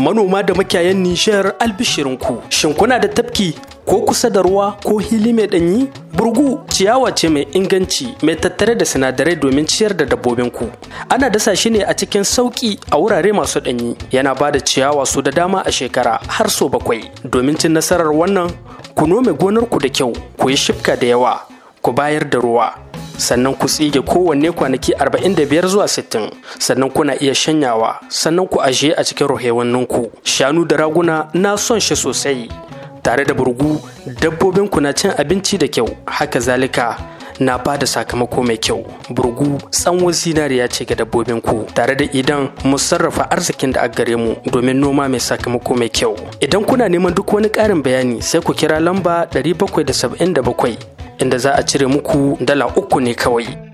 manoma da makiyayan Nijar albishirinku. Shin kuna da tafki ko kusa da ruwa ko hili mai ɗanyi? Burgu ciyawa ce mai inganci mai tattare da sinadarai domin ciyar da dabbobinku. Ana dasa shi ne a cikin sauki a wurare masu ɗanyi. Yana ba da ciyawa su da dama a shekara har so bakwai. Domin cin nasarar wannan, ku nome gonarku da kyau, ku yi shifka da yawa, ku bayar da ruwa. sannan ku tsige kowanne kwanaki 45 zuwa 60 sannan kuna iya shanyawa sannan ku ajiye a cikin rahewanninku shanu da raguna na son shi sosai tare da burgu dabbobinku na cin abinci da kyau haka zalika na ba da sakamako mai kyau burgu tsanwar zinariya ce ga dabbobin ku tare da idan mu sarrafa arzikin da a gare mu domin noma mai sakamako mai kyau idan kuna neman duk wani ƙarin bayani sai ku kira lamba 777 inda za a cire muku dala uku ne kawai